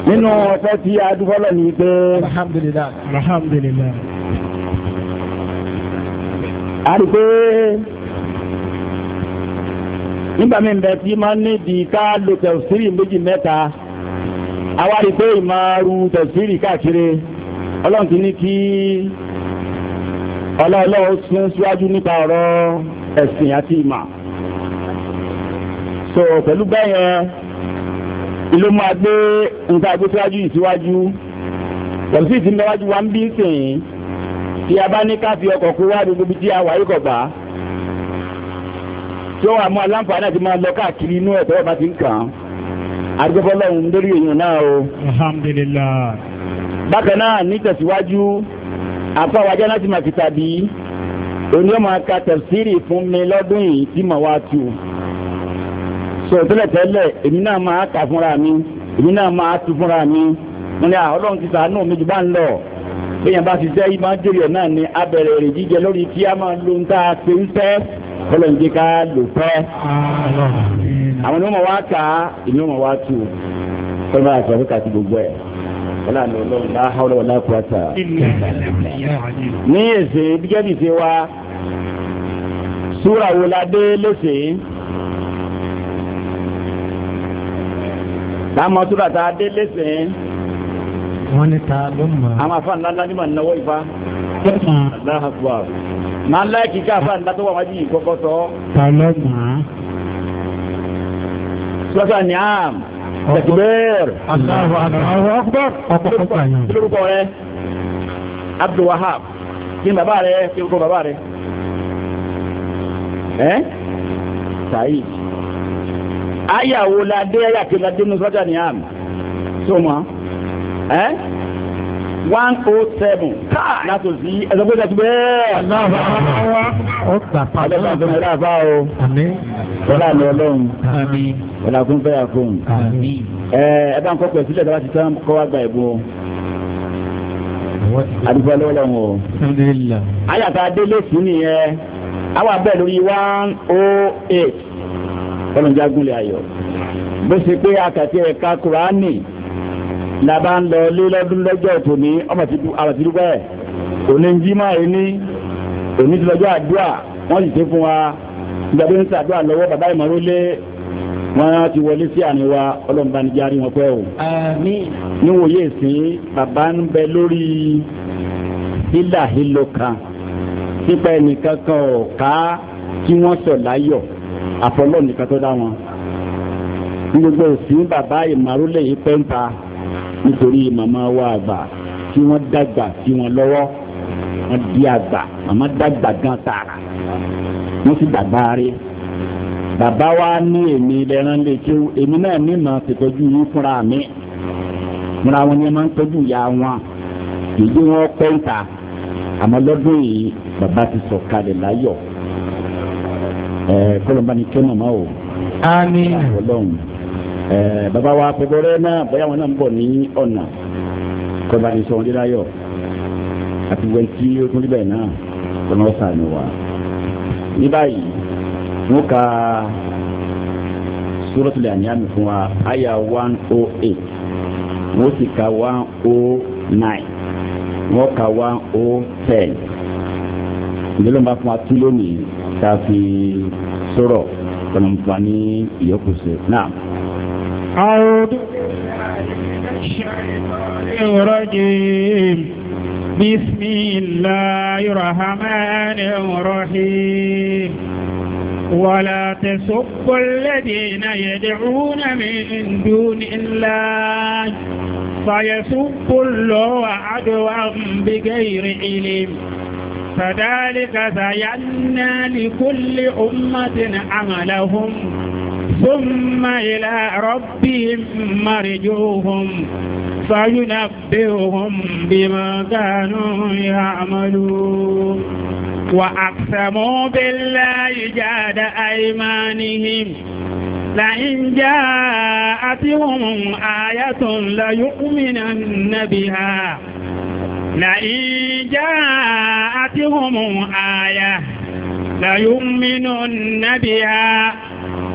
nínú ọpẹ́ tí a dúpọ́ lọ ni pé. alhamdulilayi. alhamdulilayi. a rí pé nígbà mi bẹ tí máa ní di ká lo tẹ̀sírì méjì mẹ́ta àwa rí pé ìmọ̀ aru tẹ̀sírì káàkiri ọlọ́run ti ní kí ọlọ́ọ̀lọ́wọ́ tí ń síwájú nípa ọ̀rọ̀ ẹ̀sìn àti ìmà so pẹ̀lú bẹ́yẹn ìlú máa gbé nǹkan àgbé síwájú ìsíwájú pẹ̀lú sí ìsinmi wájú wa ń bí sìn tí a bá ní ká fi ọkọ̀ kó wá gbogbo bí tí a wà yíkọ̀ bá tí ó wà mú aláǹfààní àti máa lọ káàkiri inú ẹ̀ tọ́wọ́ bá ti ń kàn án àdúgbò lórí èèyàn náà o. alhamdulillah. bákan náà ní tẹ̀síwájú. Hmm. àfàwájá láti máa fi tàbí òní ọmọ aka tẹ̀síìrì fún mi lọ́dún yìí tí màá wá tu so tẹ́lẹ̀tẹ́lẹ̀ èmi náà máa kà fúnra mi èmi náà máa tu fúnra mi mo ní àwọn ọlọ́run ti sàánú mi jù bá ń lọ bẹ́yàn bá ti sẹ́ yìí máa ń jèrè náà ni abẹ̀rẹ̀ rẹ̀ jíjẹ lórí kí a máa lo nta ṣe ń fẹ́ kọlọ̀njẹ ká lò pẹ́. àwọn ni wọ́n mọ̀ wá kà á ìní wọ́n mọ̀ wá tù kọ́lọ́ bá a sọ fún kàti gbogbo ẹ̀ wọn náà ní ọlọ́run náà hàwọn wọn náà kú àtà. ní èsè bíkẹ́bì ti wá súra wo la dé lẹ́sẹ̀ láàmú súra tá a dé lẹ́sẹ̀. wọ́n ta ló mọ̀. àwọn afa ńlá ńlá ní ma náwó ifá. Allahu Akbar. màá láyé kíkà afa ńlá tó wà wájú ta ló mọ̀. sọ́sọ́ ni tẹkibẹ́ẹ̀r. àwọn ọkùnrin ọkùnrin yẹn. kí lórúkọ rẹ Abdul Wahab kí ni bàbá rẹ kí lórúkọ bàbá rẹ ẹ Saheed ayàwó la dé ayàkè la dé nusrata ni am sọ ma ẹ one oh seven láti òsì ẹ̀sọ́ pé kẹ́tù bẹ́ẹ̀. aláàbá ó gbà pa ọlọ́run. ọlọ́run fún mi láàbá o. àmín. ọlá mi ọlọ́run. àmín. ọlá kún fẹ́ yà kún. àmín. ẹ ẹ bá ń kọ́ pẹ̀ sílẹ̀ tó bá ti tán kọ́ wá gba ẹ̀bùn o. àdúgbò ọlọ́run o. alhamdulilayi. ayàtà lórí one oh eight ọlọ́run jágúnlẹ̀ ayọ̀ bó ṣe pé akàtì ẹ̀ka kùránì làbá ń lọ lé lọ́dún lọ́jọ́ tòní ọmọ ti àwọn ti dúpẹ́ òní ń jímọ̀ ẹni òní ti lọ́jọ́ àdúrà wọ́n sì ṣe fún wa nígbà tó ń ṣàdúrà lọ́wọ́ bàbá ìmọ̀ró lé wọ́n ti wọlé sí àná wa ọlọ́mọba ní járí wọn pẹ́ o. níwòye ìsìn bàbá ń bẹ lórí hílà kan nípa ẹnìkan kan ò ká kí wọ́n sọ láyọ̀ àfọlọ́ tó dá wọn. gbogbo ìsìn bàbá ìmọ̀ró lè yí pẹ́ńta nítorí màmá wa àgbà tí wọ́n dàgbà sí wọn lọ́wọ́ wọ́n di àgbà màmá dàgbà gan tààrà wọ́n sì dàgbà rí bàbá wa ní èmi lẹ́ran lè ké èmi náà ní màá ṣètọ́jú yín fúnra mi múra wọn ni ẹ máa ń tọ́jú ìyá wọn èyí wọn pẹ́ǹta àmọ́ lọ́dún yìí bàbá ti sọ̀ kalẹ̀ láyọ̀ ẹ̀ kọ́lọ́mbani kẹ́ màmá o. àmín. ọlọ́run. Eh, bàbá wa pẹ̀lú náà bóyá wọn náà ń bọ̀ ní ọ̀nà kọ́ba ní sọ wọn dé láyọ̀ àti wẹ́n tí ó tún níbẹ̀ náà kọ́ náà sàánú wa. ní báyìí wọ́n ka suratul An'am fún wa àyà one oh eight wọ́n sì ka one oh nine wọ́n oh fi sọ̀rọ̀ kọ́nà ń fa ní ìyókù أعوذ بالله من الشيطان الرجيم بسم الله الرحمن الرحيم ولا تسبوا الذين يدعون من دون الله فيسبوا الله عدوا بغير علم فذلك زينا لكل أمة عملهم ثم إلى ربهم مرجوهم فينبئهم بما كانوا يعملون وأقسموا بالله جاد أيمانهم لئن جاءتهم آية ليؤمنن بها لئن جاءتهم آية ليؤمنن بها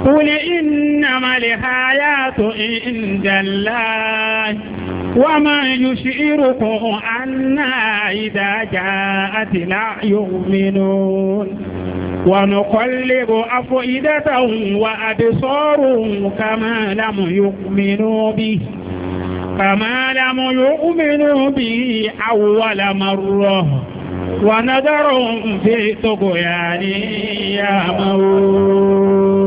قل إنما الحياة عند الله وما يشعركم أنا إذا جاءت لا يؤمنون ونقلب أفئدتهم وأبصارهم كما لم يؤمنوا به كما لم يؤمنوا به أول مرة ونذرهم في طغيان يعمهون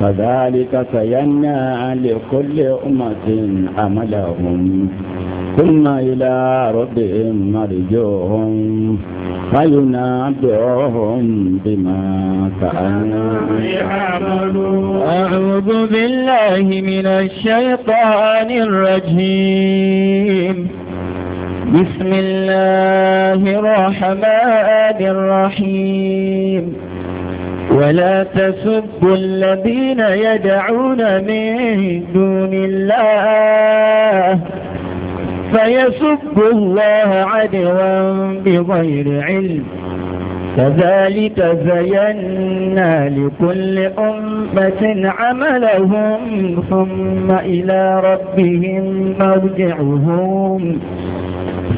كذلك سينا لكل أمة عملهم ثم إلى ربهم مرجوهم فينبئهم بما كانوا أعوذ بالله من الشيطان الرجيم بسم الله الرحمن الرحيم ولا تسبوا الذين يدعون من دون الله فيسبوا الله عدوا بغير علم كذلك زينا لكل أمة عملهم ثم إلى ربهم مرجعهم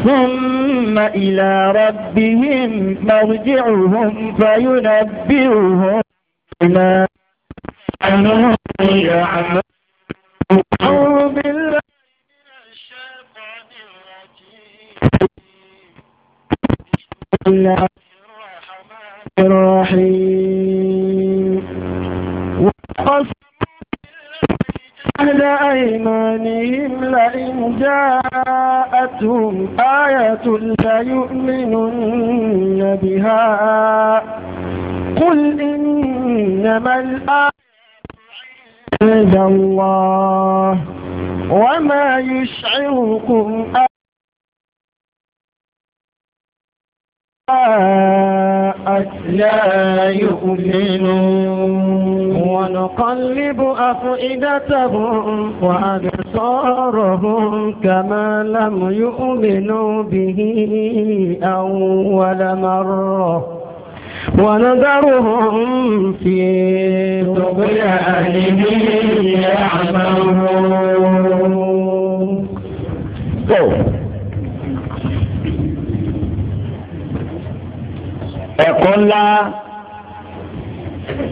ثم إلى ربهم مرجعهم فينبئهم بما كانوا يعملون الله الرحمن الرحيم أهل أيمانهم لئن جاءتهم آية ليؤمنن بها قل إنما الآية عند الله وما يشعركم لا يؤمنون ونقلب أفئدتهم وأبصارهم كما لم يؤمنوا به أول مرة ونذرهم في طغيانهم يعمهون ẹ̀kọ́ ńlá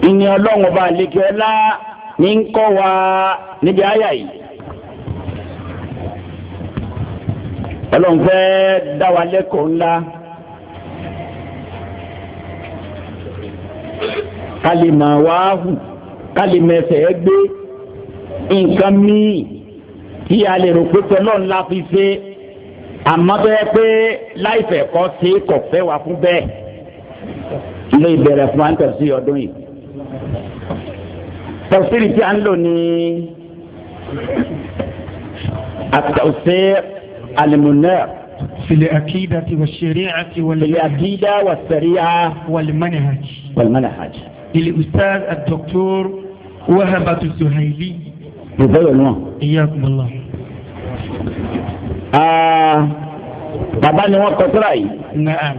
ìní ọlọ́run ọba àlejò ọlá ní ń kọ́ wa níbi àyà yìí. ọlọ́run fẹ́ dá wa lẹ́kọ̀ọ́ ńlá. kálímà wá hù kálímà ẹsẹ̀ ẹ gbé nǹkan míì tí a lè rò pé tọ́lọ́ ńlá fi ṣe àmọ́ bẹ́ẹ̀ pé láìfẹ̀ kọ́ sí kọ̀fẹ́ wa fún bẹ́ẹ̀ ilé ìbẹ̀rẹ̀ fún àǹtẹ̀sí ọdún yìí. tafsiri tí a ń lò ní àtàwùsẹ́ alimunẹ́. في العقيدة والشريعة وال... في العقيدة والشريعة والمنهج والمنهج للأستاذ الدكتور وهبة الزهيلي بذل الله إياكم الله آه طبعا هو قطري نعم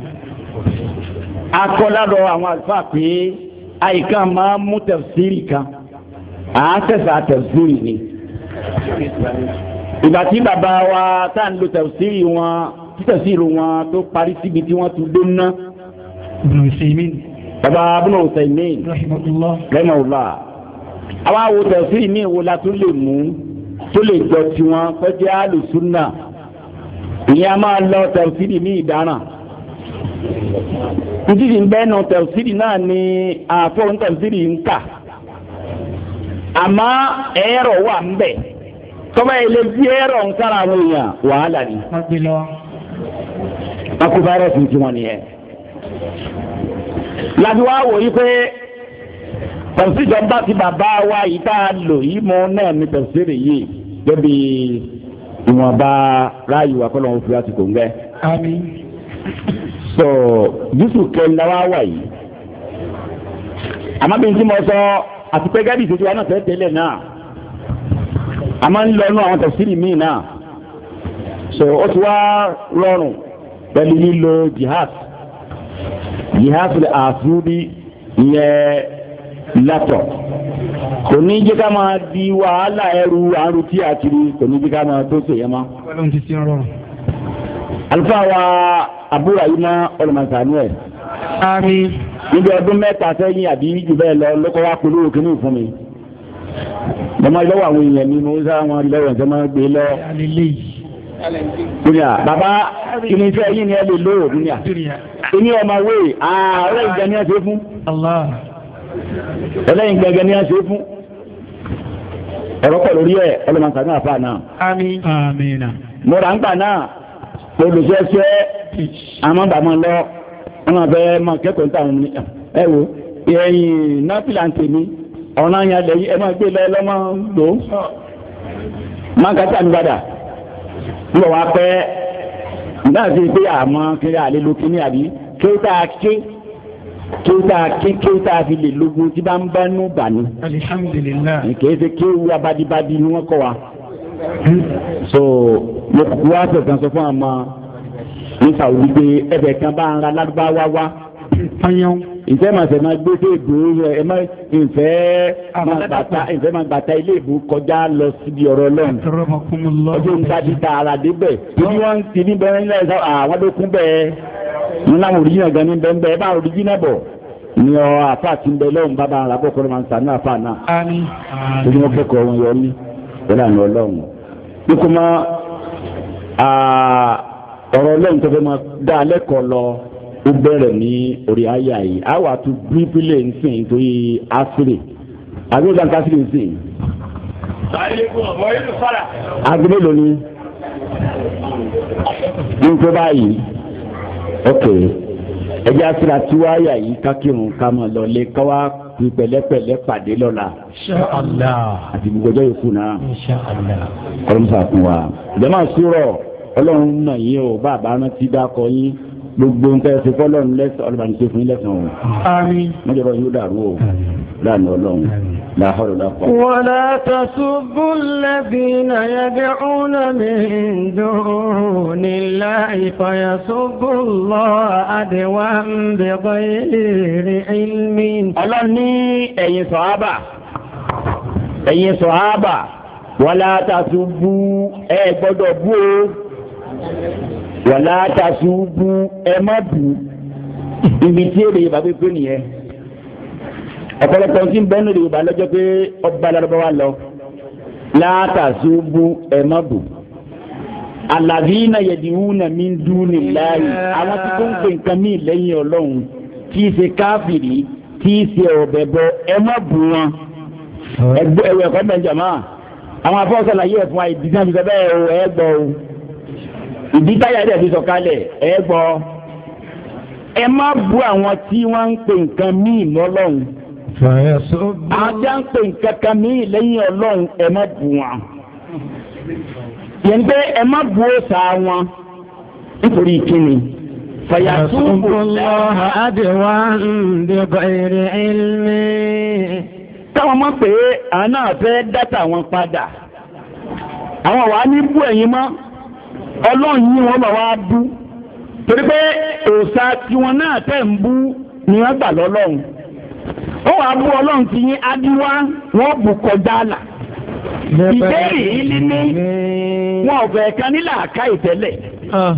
akọ́ládọ̀ àwọn àlùfáà pé àyíká máa mú tẹ̀síìrì kan à ń tẹ̀sà tẹ̀síìrì ni. ìgbà tí bàbá wa tá à ń lo tẹ̀síìrì wọn tí tẹ̀síìrì wọn tó parí síbi tí wọ́n ti dó ná. bàbá abúlé ọ̀sẹ̀mìn rahimahullah àwa wo tẹ̀síìrì míì wo la tún lè mú tó lè jọ tiwọn pẹ́ jẹ́ náà ìyẹn a máa lọ tẹ̀síìrì míì dáràn ntìsí bẹ́ẹ̀nù tẹ̀síìrì náà ni àfọ̀n tẹ̀síìrì ń kà àmọ́ ẹ̀rọ wà ń bẹ̀ tọ́ba yìí lè fi ẹ̀rọ ń sára àwọn èèyàn wàhálà ni. akú fáírọ́ọ̀sì ti wọn nìyẹn. láti wá wò yí pé tẹ̀síìrì jọba ti bàbá wa yìí tá a lò yìí mọ náà ni tẹ̀síìrì yìí débi ìwọ̀nba ráàyè wà kọ́ lọ́wọ́ fi wá ti kò ń gẹ́. àmín. so jésù kẹlẹ wa wà yìí àmọ́ bí n tí gabi sọ àti pé etele ìṣèjọba náà fẹ́ tẹ́lẹ̀ náà a máa ń lọ́nu àwọn míì náà so ó ti wá rọrùn pẹ̀lú lílo jihad jihad àfúrúbí ìyẹn látọ̀ kò ní jẹ́ ká máa di wàhálà ẹrù àrùn tí a kiri kò ní ká máa tó àlùfáà wa àbúrò àyínà ọlọmọsàánú ẹ. àmín. níbi ọdún mẹ́ta sẹ́yìn àbí jù bẹ́ẹ̀ lọ lóko wá polówó kínní fún mi. bàmá lọ́wọ́ àwọn èèyàn mi mo ń sá wọn lọ́wọ́ ẹ̀ sẹ́mọ́ gbé lọ. dunya bàbá kìnìún fẹ́ yín ni ẹ lè lò dunya. èmi ọmọ wé ààrẹ ìjà ni ẹ ṣe fún. ọlẹ́yin gbẹ̀gẹ̀ ni ẹ ṣe fún. ọ̀rọ̀ pọ̀ lórí ẹ̀ ọlọmọsàánú àfáà náà. àmín. àmín. mo rà ń gbà náà olùṣẹ́ṣẹ́ àmọ́ bàmọ́ lọ ọmọ abẹ́ mọ kẹ́kọ̀ọ́ níta àwọn ènìyàn ẹ wo ẹ̀yìn náfìlà ń tèmi ọ̀nà yẹn lẹ́yìn ẹ máa gbé lọ lọ́mọ lò ó mákàtà ní padà ń bọ̀ wá pẹ́ náà sì pé àmọ́ kiri àlélo kíní àbí kí ké kí ké kí fi lè lógun tí bá ń bá nú alihamudulilayi. kì í ṣe kí ni wọ́n kọ́ wa so mo kúkú wá fẹ̀sán sọ fún àmọ́ níta wípé ẹbẹ̀ kan bá ń ra lárúbáwá wá fáyán ìfẹ́ máa fẹ́ máa gbé dé ìbò ẹ má ìfẹ́ máa gbàtà ìfẹ́ máa gbàtà ilé ìbò kọjá lọ síbi ọ̀rọ̀ lọ́n. ọjọ́ nǹkan ti ta ara débẹ̀ torí wọ́n ti ní bẹ́ẹ̀ ní ẹ̀sán àwọn ló kún bẹ́ẹ̀ ní láwọn òrìjìnà gan ní bẹ́ẹ̀ bẹ́ẹ̀ bá òrìjìnà bọ̀ ní ọ àfa àti ń bẹ lọ́hùn bàbá àràbọ̀ kọ́ ló máa ń sànú àfa náà. torí wọ́n kẹ́kọ̀ọ́ wọn yọ ní wọn lànà ọlọ́run bí kò máa ọ̀rọ̀ ọlọ́run tó fẹ́ máa dá lẹ́kọ̀ọ́ lọ ó bẹ̀rẹ̀ ní orí àyà yìí a wà tún bípínlẹ̀ nsìn torí asiri agbẹ́gbẹ́ nǹkan asiri nsìn. agbẹ́gbẹ́ lónìí nípa báyìí ok ẹjẹ́ asiri àti wáyà yìí kákìrún ká máa lọ lé káwá fi pẹ̀lẹ́pẹ̀lẹ́ pàdé lọ́la. àti gbogbo yòókù náà. kọ́lọ́mùsà fún wa. jama sùrọ̀ ọlọ́run náà yẹ o bàbá rántí dákọ yín gbogbo nǹkan ẹ̀sìn fọlọ́run lẹ́sìn ọlọ́run ṣe fún yín lẹ́sìn o. àmín. wọ́n yóò dàrú o. àmín láàánú ọlọ́run láhọ́rọ̀ lápá. wala tasubbu alladhina yad'una min dunillahi fayasubbu Allaha adwan bighayri ilmin. ọlọ́ni ẹ̀yin sọ̀hábà ẹ̀yin sọ̀hábà wala tasubbu ẹ gbọ́dọ̀ bú o wala tasubbu ẹ má bú ibi tí èrè bàbá pé nìyẹn ọ̀pọ̀lọpọ̀ tí ń bẹ́nu yorùbá lọ́jọ́ pé ọba lọ́dọ́bọ́wá lọ látàzúbù ẹ̀mọ́bù alàbíyìnà yẹ̀dìwúnà mi ń dúni láàyè àwọn tí kò ń pè nǹkan mí lẹ́yìn ọlọ́run tí í ṣe káfìrí tí í ṣe ọ̀bẹ bọ ẹ̀mọ́bù wọn ẹ̀wẹ̀ ẹ̀kọ́ bẹ̀ jàmá àwọn afọ́sọ̀lá yẹ̀ fún wa ìdí náà fi ẹ̀ gbọ́ o ìdí táyà fi sọ ẹ̀ gbọ́ ẹ má àwọn tí wọ́n ń pè nǹkan míì mọ́ àti à ń pè nǹkan kan mí lẹ́yìn ọlọ́run ẹ má bù wọn. yẹn pé ẹ má bu òòsà wọn nítorí kíni. فيسب الله عدوا بغير علم táwọn mọ̀ pé àwọn náà fẹ́ dátà wọn padà àwọn wàá ní bú ẹ̀yin mọ́ ọlọ́run yìí wọ́n bá wá bú torí pé òòṣà tiwọn náà tẹ̀ ń bú ni wọ́n gbà lọ́lọ́run. ó wàá bú ọlọ́run ti yín adíwá wọ́n bù kọjá àlà ìbéèrè yìí ní wọn ò fẹ́ kan ní làákàyè tẹ́lẹ̀ ah.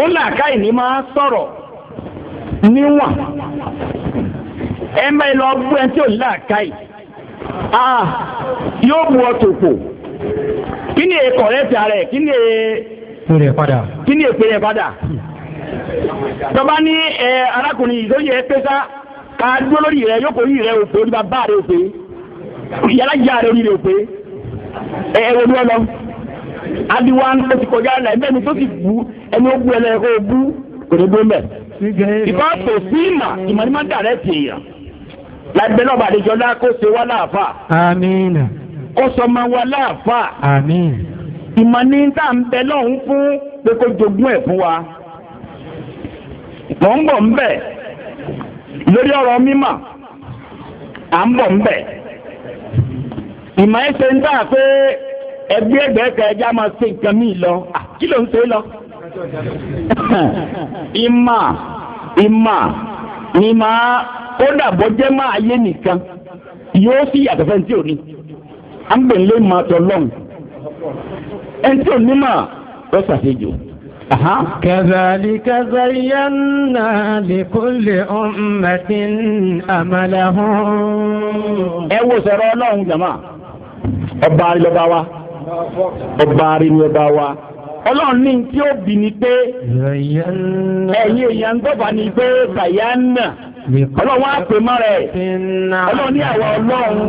ó làákàyè máa sọ̀rọ̀ níwọ̀n ẹ lọ bú ẹni tí ò làákàyè ah, bu ọtò pò ni èkó rẹ ti ara ẹ kí ni èpè padà kí ni èpè rẹ padà tọ́ba ní arákùnrin yìí máa dúró lórí rẹ yóò kó orí rẹ òpè orí bàbá rẹ òpè ìyálàjà rẹ orí rẹ òpè ẹ ẹ wọlé ọlọ adiwa ó ti kọjá ẹ bẹ́ẹ̀ ni tó ti bu ẹni ó bu ẹ lẹ́yìn kó o bu kò ní dún bẹ́ẹ̀. ìfọ̀ kò sí ìmà ìmọ̀ ni máa ń dàrẹ́ tì èèyàn láìpẹ́ náà bàdé jọ náà kó ṣe wá láàfà. kó sọ ma wá láàfà. ìmọ̀ ni tá ń bẹ lọ́hùn fún pé kó jogún ẹ̀ fún wa. mọ̀ ń bọ̀ ń bẹ̀ lórí ọ̀rọ̀ mímọ̀ à ń bọ̀ ńbẹ̀ ìmọ̀ ẹsẹ̀ ń dà pé ẹgbẹ́ ẹgbẹ́ kan ẹja máa ṣe nǹkan míì lọ kí ló ń ṣe lọ. ìmọ̀ ìmọ̀ ni máa ó dàbọ̀ jẹ́ máa yé nìkan yóò sì yàtọ̀ fẹ́ ní tí ò ní à ń bẹ̀ ń lé ìmọ̀ àtọ̀ lọ́hùn ẹni tí ò ní mà lọ́sàáfẹ́jọ́. كذلك زينا لكل أمة أملهم ẹ wo sọ̀rọ̀ ọlọ́run jama ọba rí lọ́ba wa ọlọ́run ní tí ó bì ní pé ẹ̀yin èèyàn gbọ́ba ni pé ọlọ́run pè mọ́ rẹ̀ ọlọ́run ní ọlọ́run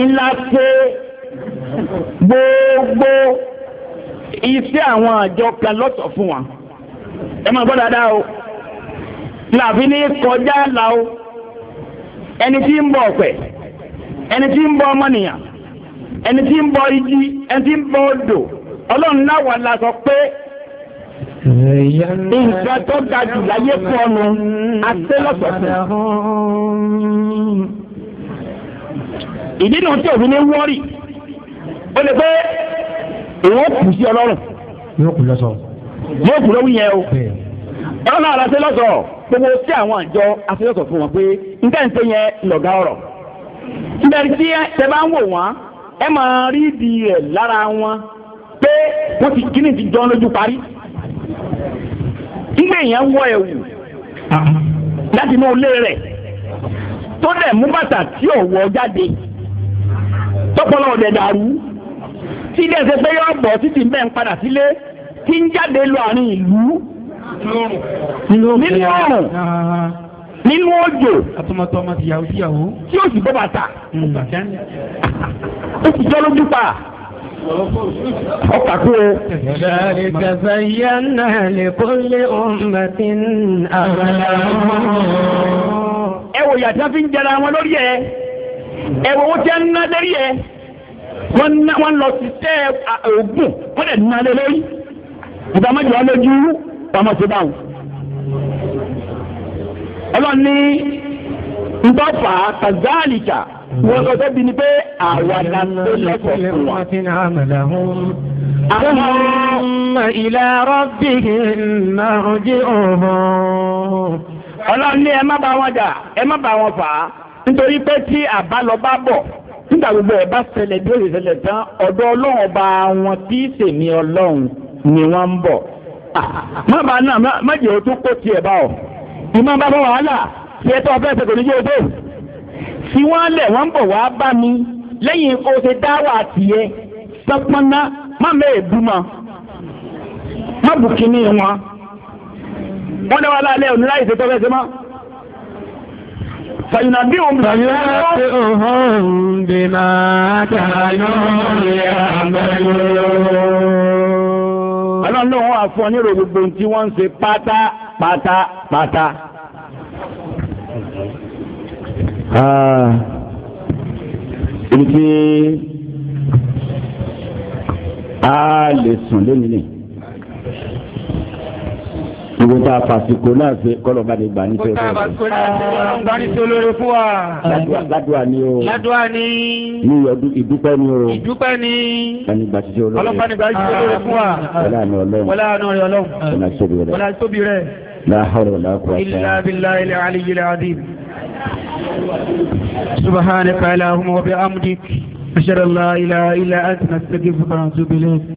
ńlá pé gbogbo. iṣẹ́ àwọn àjọ kan lọ́tọ̀ fún wa ẹ máa gbọ́ dáadáa o làbí ní kọjá là o ẹni tí ń bọ ọ̀pẹ ẹni tí ń bọ ọmọnìyàn ẹni tí ń bọ igi ẹni tí ń bọ odò ọlọ́run náà wà la sọ pé nǹkan tó ga jù láyé pọnu àti lọ́sọ̀tún. ìdí náà tí òfin ní wọ́ọ̀rì ó lè pé. èèyàn kù sí ọlọ́run. yóò kù lọ́sọ̀. yóò kù yẹn o. ọlọ́run ara gbogbo sí àwọn àjọ fún wọn pé nǹkan ń ṣe yẹn ọ̀rọ̀. tí ẹ bá ń wò ẹ máa di lára wọn pé wọ́n ti kíni ti jọ lójú parí. nígbà èèyàn wọ ẹ̀wù láti inú ilé rẹ̀ tó dẹ̀ mú bàtà tí ò wọ jáde tí ilé ẹsẹ pé yóò bọ̀ títí mbẹ́ ń padà sílé tí ń jáde lọ àárín ìlú nínú ọrùn nínú òjò tí ó sì bọ́ bàtà ó sì jọ́ lójú pa ọkàkú o. Ìdàlẹ̀ zayyana li kulli ummatin àbàlà. Ẹ wò yàtí wọ́n fi wọ́n lọ sí tẹ́ ògùn wọ́n lẹ̀ nínú alẹ́ lórí ìgbà mọ́jọ wọn lójú ọmọ ti báwọn. ọlọ́run ní ntọ́fà kazalika wọ́n sọ sẹ́bi ni pé àwa la ń fún wa. ثم إلى ربهم مرجعهم ọlọ́run ní ẹ má bá wọn jà ẹ má bá wọn fà á nígbà gbogbo ẹ̀ bá ṣẹlẹ̀ bí ó ṣe ṣẹlẹ̀ tán ọ̀dọ̀ ọlọ́run ọba wọn tí í ṣèmi ọlọ́run ni wọ́n ń bọ̀. Ah, má bàa náà má jẹ́ o tún kó tiẹ̀ bá ọ. ìmọ̀ bá bá wàhálà tí ẹ tó ọbẹ̀ ṣe kò ní yóò dé. tí wọ́n lẹ̀ wọ́n ń bọ̀ wá bá mi lẹ́yìn o dáwà tiẹ̀ sọpọ́nná má mẹ́ẹ̀ bú mọ́. má bù kíní wọn. wọ́n dáwà lálẹ́ òní láì ṣe tọ́ fàyínà bí òun bìí lọ́wọ́. fàyínà bí òun bìí máa kàánú rẹ̀ àmẹ́lú. ọlọ́run ló ń wà fún ọ nírò gbogbo Ibo tá a fàsìkò náà ṣe kọ́lọ̀ bá lè gbà ní tẹ́lẹ̀. Ibo tá a fàsìkò náà ṣe kọ́lọ̀ bá ní ṣe olóore fún wa. Ládùá ni o. Ládùá ni. Ní ọdún ìdúpẹ́ ni o. Ìdúpẹ́ ni. Bani gba ṣiṣẹ́ olóore. Ọlọ́pàá ni gba ṣiṣẹ́ olóore fún wa. Wọlé àná Ọlọ́run. Wọlé àná rẹ̀ Ọlọ́run. Wọlé àtóbi rẹ̀. Wọlé àtóbi rẹ̀. La hawla wala quwwata. Illa billahi al-aliyyi